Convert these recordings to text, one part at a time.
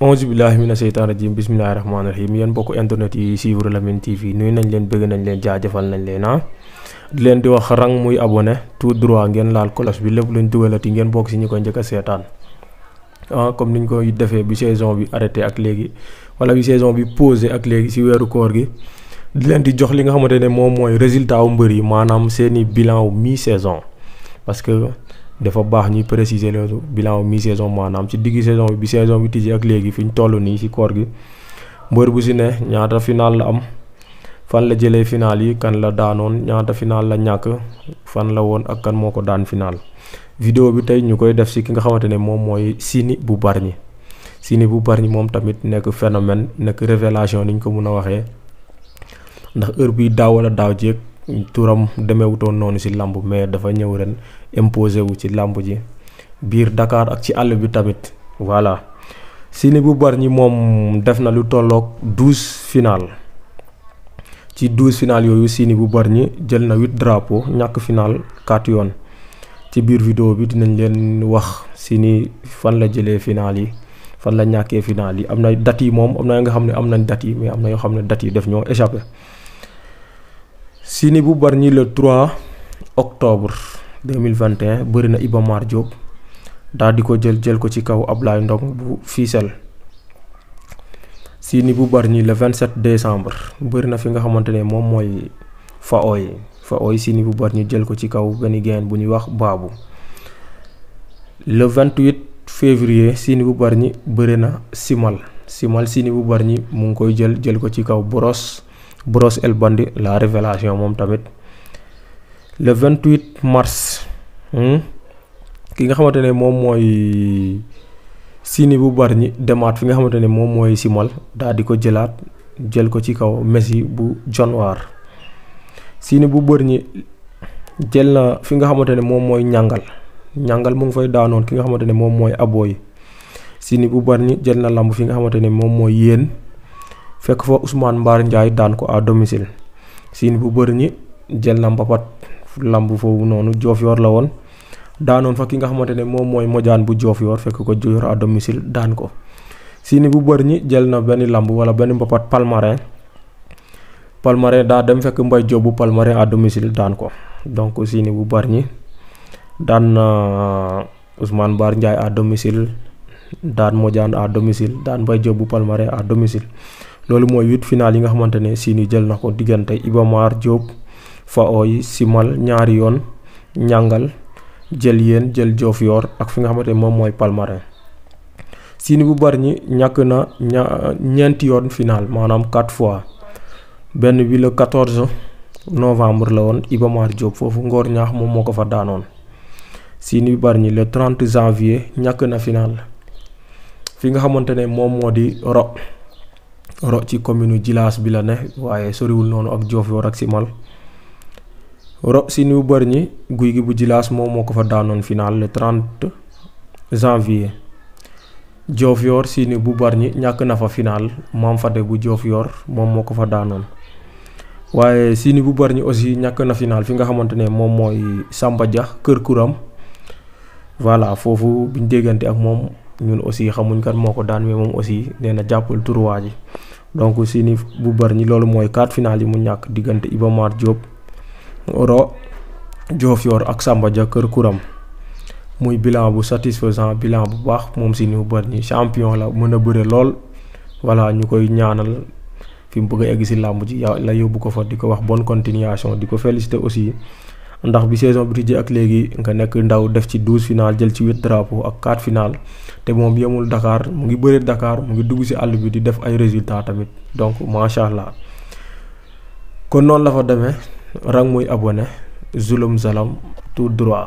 onze billahi mina seytaan rajim bismillahi rahmaani rahim yéen mbokk internet yi suivre Lamyn TV nuyu nañ leen bëgg nañ leen jaajëfal nañ leen ah di leen di wax rang muy abonné tout droit ngeen laal cloche bi lépp luñ dugalati ngeen bokk si ñu ko njëkk a seetaan ah comme niñ ko defee bi saison bi arrêté ak léegi wala bi saison bi posé ak léegi si weeru koor gi di leen di jox li nga xamante ne moom mooy résultat wu mbër yi maanaam seeni bilan wu mi saison parce dafa baax ñuy préciser loolu bilan mi saison maanaam ci digg saison bi saison bi tijji ak léegi fi ñu toll nii ci koor gi mbër bu si ne ñaata final la am fan la jëlee final yi kan la daanoon ñaata final la ñàkk fan la woon ak kan moo ko daan final. vidéo bi tey ñu koy def ci ki nga xamante ne moom mooy sini bu Bargny Siny bu Bargny moom tamit nekk phénomène nekk révélation ni ñu ko mën a waxee ndax heure bi daaw wala daaw jéeg turam demewutoon noonu ci làmb mais dafa ñëw ren. imposé wu ci lamb ji biir dakar ak ci àll bi tamit voilà sini bu bar barñi moom def na lu tolloog 12 final ci 12 final yooyu sini bu bar barñi jël na 8 drapeau ñàkk final 4 yoon ci biir vidéo bi dinañ leen wax sini fan la jëlee final yi fan la ñàkkee final yi am na dat yi moom am na nga xam ne am nañ dat yi mais am na yoo xam ne dat yi def ñoo échappé sini bu bar barñi le 3 octobre 2021 bëri na Iba Mar daal di ko jël jël ko ci kaw Ablaye Ndong bu fiisel si bu bari ñi le 27 décembre bëri na fi nga xamante ne moom mooy Faoy Faoy si bu bari ñu jël ko ci kaw benn gaynde bu ñuy wax Baabu le 28 février si ni bu bari bëri na Simal Simal si ni bu bari mu ngi koy jël jël ko ci kaw Brosse Brosse El la révélation moom tamit. le vingt huit mars hmm? ki nga xamante ne moom mooy Sini bu bari ñi demaat fi nga xamante ne moom mooy Simal daal di ko jëlaat jël ko ci kaw Messi bu Januar Sini bu bari ñi jël na fi nga xamante ne moom mooy ñàngal ñàngal mu fay daanoon ki nga xamante ne moom mooy abooy Sini bu bari ñi jël na lamb fi nga xamante ne moom mooy yéen fekk fa Ousmane Mbaar Ndiaye daan ko à domicile Sini bu bari ñi jël na mbapat lamb foofu noonu Diofior la woon daanoon fa ki nga xamante ne moom mooy mojaan bu Diofior fekk ko Diofior à domicile daan ko Siny bu Bargny jël na benn lamb wala benn mbapat Palmarin Palmarin daa dem fekk Mbaye bu Palmarin à domicile daan ko donc Siny bu Bargny daan na Ousmane Bar Ndiaye à domicile daan mojaan à domicile daan Mbaye Diop bu Palmarin a domicile loolu mooy huit final yi nga xamante ne Siny jël na ko diggante Iba Mar fa ooy simal ñaari yoon ñàngal jël yéen jël joof ak fi nga xamante ne moom mooy palmarin sini bu bari ñi ñàkk na ñeenti yoon final maanaam quatre fois benn bi le 14 novembre la woon Iba Mar foofu Ngor ñaax moom moo ko fa daanoon sini bu bari ñi le 30 janvier ñàkk na final fi nga xamante ne moom moo di ro ro ci commune Djilass bi la ne waaye soriwul noonu ak Diofior ak Simal roxy new barni guuy gi bu jilas mom moko fa danon final le 30 janvier jof yor sini bu barni ñak na fa final mam fa de bu jof yor mom moko fa danon waye sini bu barni aussi ñak na final fi nga xamantene mom moy samba dia keur kuram voilà fofu buñu dégante ak mom ñun aussi xamuñ kan moko daan mais mom aussi néna jappul tour waji donc sini bu barni lolu moy 4 final yi mu ñak digënté ibamar diop oro yor ak Samba Dia kër kuram muy bilan bu satisfaisant bilan bu bax mom si ñu bari ni champion la meuna beure lol wala ñukoy ñaanal fi mu bëgg egg ci lamb ji ya-, la yobbu ko fa diko wax bonne continuation Diko féliciter aussi ndax bi saison bi tijjee ak léegi nga nek ndaw def ci 12 final jël ci 8 drapeau ak 4 final te mom yëmul Dakar mu ngi bëre Dakar mu ngi dugg si all bi di def ay résultats tamit donc macha allah kon non la fa démé rang muy abonné zulum zalam tout droit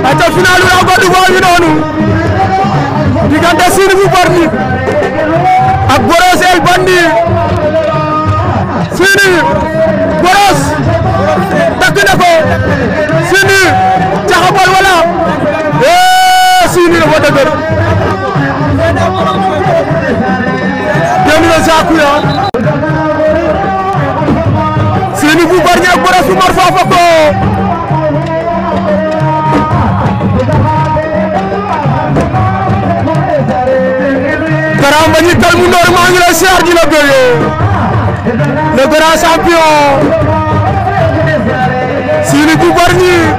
aca finalu raw gadu bawi noonu diggante Siny bu Bargny ak Brosse El Bandit fii nii takk na ko fii nii caxabal wala eh fii nii dafa dëgër génn na Zaku ya bu Bargny ak Brosse bu Mor Fafako ko. mu ndoor maa ngi lay siyaar di la gëyoo le grand champion Siny bu Bargny